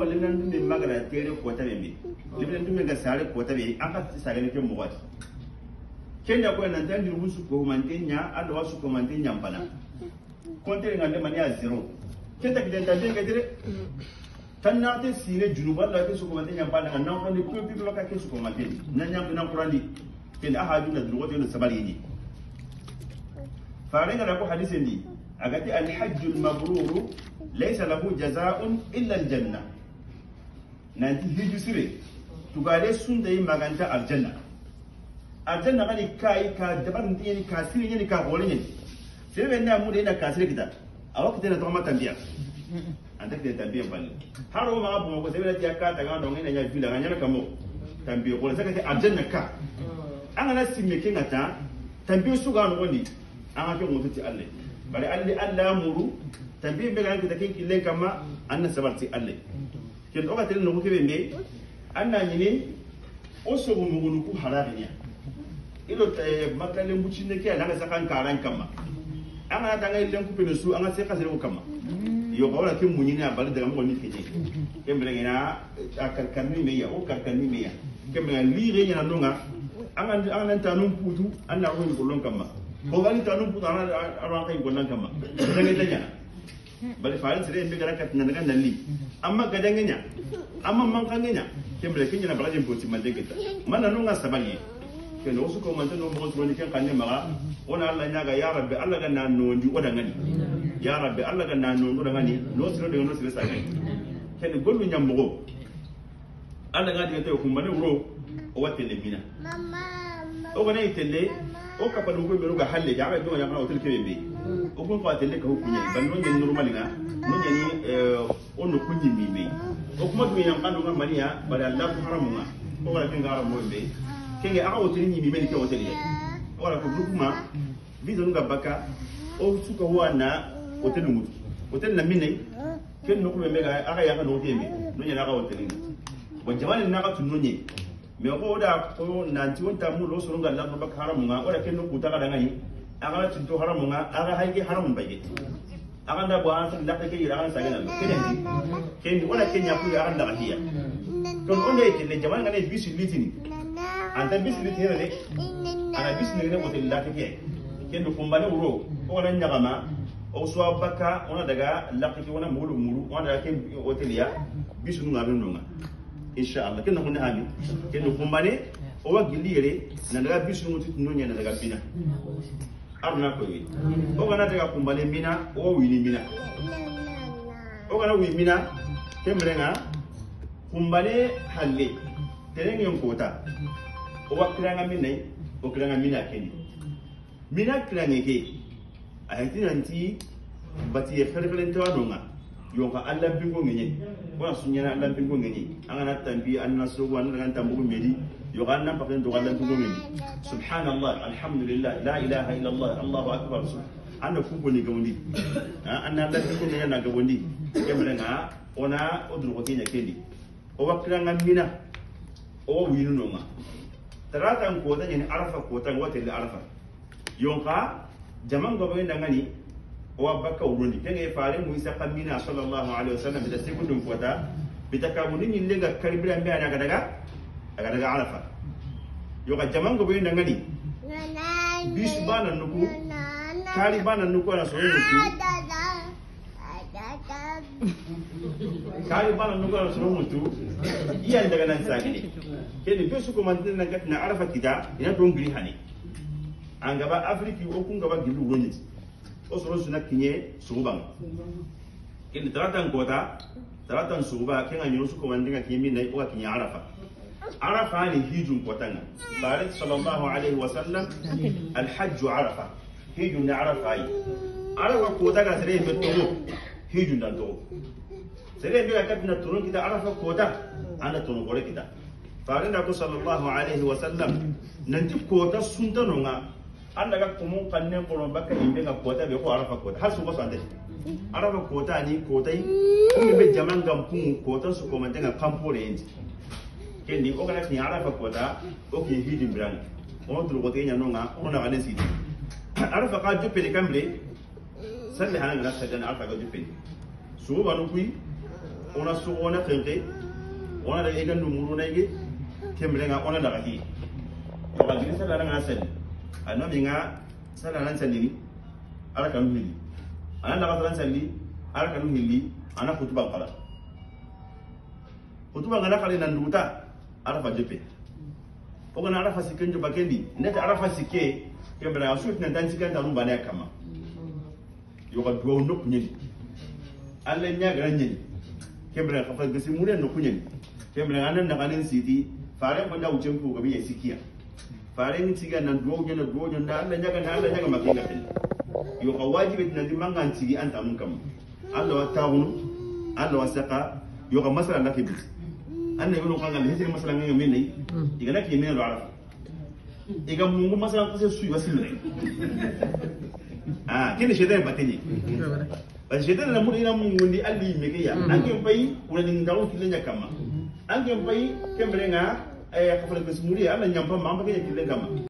ko lemnan dum min magara tere ko tabe min lemnan dum ga sare ko tabe an ka sare ne ke mo wat kenya ko nan tan diru su ko mantenya allo wasu ko mantenya bana kontere ngande mani a zero kenta kidan tan den gadire tan na te sire junuba la ke su ko mantenya bana nan ko ni ko bi ka ke su ko mantenya nan nyam nan qurani kenda ahadu na diru wato sabari ni farenga na ko hadisi ni agati al hajjul mabruru laysa lahu jazaa'un illa al jannah nanti hiju sire tugade sunda yi maganta aljanna aljanna gani kai ka dabar ni ka sire yani ka gole ni sai ben na mu da ka kasire kita a wakati na tuma tambiya an take da tambiya balle har o ma abu ko sai da ya ka ta ga don ina ya fi da ganyar kamo tambiya ko sai ka ce aljanna ka an ana simme kin ta tambiya su ga wani an ha ke mutunci Allah bari Allah Allah muru tambiya be ga ta kin kille kama an na sabarti Allah ket o gatel no kebe mbe anna ilo e eh, makale mbuchi ne ke alanga sakan karan kama anga ke munyini abali daga mo ni keje kembele ngina nyana nonga anga anga tanu putu anna ko ngolon kama ko bari faran sere mbi gara kat nanaga nalli amma gadanga nya amma mankanga nya kembele kinya na bagajin poti mandege ta mana no nga sabali ken o su ko man tan mo so ni ken kanne maga ona Allah nya ga ya rabbi Allah ga na nonju o dangani ya rabbi Allah ga na nonju o dangani no sere de no sere sa ken ken gollu nya mbogo Allah ga diga to kumbane wuro o watte le mina o ga na itelle o kapa ɗum koye ɓe ɗoga halle jaɓa ɓe ñamana hotel keɓe mbe o fo fa telle ka ho kuñani ban noon ñani normal nga noon ñani eh, on no kuñimmi mbe o kuma ɗum yan kandu nga maniya ɓaɗa allahu haramu nga o wala kenga haramoɓe mbe kenge aka hotel ñimmi meni ke hotel ye o wala ko groupement visa nu nga bakka o suka howa na hotel ngutu hotel na minnayi ken nokuɓe mbega aka yaka nogote mbe noon ñani aka hotel nga bon jamane naka tun no ñe me ko da ko nanti won tamu lo suru ngalla no bak haramu nga ora ken no kuta kada ngai aga tinto haramu nga aga haike haramu baye aga da bo an san da kake ira an sagana no kene ken wala ken ya ku ya ran da hiya to onde ke le jama'a ngane bisu litini anta bisu litini ne ana bisu ne ko tilla take ken do kumbale wuro ko ran nyagama o suwa baka ona daga lakki wona mulu mulu ona daga ken hoteliya bisu nunga nunga inshallah ken nakunde hami ken kumbane owa gilire na daga bisu mutu tunonya na daga bina arna ko yi o kana daga kumbane mina o wini mina o kana wini mina kemrenga kumbane halle terenge nkota owa kiranga mina o kiranga mina keni mina kiranga ke ayatina nti batiye ferfelente wa nonga yonka allah bingo ngenye mm. wona sunyana allah bingo ngenye angana tambi anna sogo anna kan tambugo medi yoka anna pakin do allah bingo ngenye subhanallah alhamdulillah la ilaha illallah allahu akbar anda fugo ni gawndi anna allah bingo ngenye na gawndi kemre nga ona odru ko tinya kendi o wakra nga mina o winu no nga tarata ko da ni arafa ko tan wata arafa yonka jaman gobe ndangani wa baka uruni kenge fare mu isa kamina sallallahu alaihi wasallam da sai gudun kwata bitaka mun nin ne karbira mai ana daga daga daga alafa yo ga jaman go bin dangani bish bana nuku kari bana nuku ana soyayya ah, nuku kari bana nuku ana soyayya nuku iyan daga nan sakini kene bisu ko man na arafa kida ina don gri hani an gaba afriki o kun gaba gilu wonyi osoro suna kinye suban kin taratan kota taratan suba kin anyo su kuma ndinga kimi nai ko kinye arafa arafa ni hijun kotanga bare sallallahu alaihi wasallam alhajj arafa hijun na arafa yi arafa kota ga sare me togo hijun dan togo sare me ka tina turun kita arafa kota ana tunu gore kita farinda ko sallallahu alaihi wasallam nanti kota sunta nonga Anda daga tumu kanne kono baka imbe ga kota be ko arafa kota har su basu andashi arafa kota ni kota kuma be jaman gam kun kota su ko man daga kampore yanzu ken ni kana ni arafa kota o ki hidi bran on dul kota nya nonga on na ganen sidi arafa ka jupe de kamble salle hanan ga sadan arafa ka jupe su ba no kui ona su ona kente ona da igan numuru na yige kembre ga ona da ga hi ba gina ga a mi nga sala lan sali ala kanu hili a na nakasara sali ala kanu hili ana na kala kutuba ngana kale nan duta ala fa jepe ngana ala fa njoba kendi ta ala fa sikke yo ya asut nan dansi kan tanu bana kama ka duwa nok nyeli alla nya gran nyeli kembra ya ka fa gasi mure nok nyeli kembra ya anan na kanin siti fare ko da ucen ko farengi tiga nan dojo na dojo na Allah nyaga na Allah nyaga makinga bil yo ka wajibi ah, na di tigi anta mun kam Allah wa taunu Allah wa saqa yo ka masala na kibi anna ibn kan Allah hisi masala ngi men ni diga na ki men ro arafa diga mungu masala ko se suyi wasil ne ah kene shedan bateni parce que na mun ina mungu ndi Allah yi megeya nan ke bayi una ni ndawo kilenya kama an ke bayi kembrenga eh, akafuta pesa mulia ala nyamba mamba kile kile gama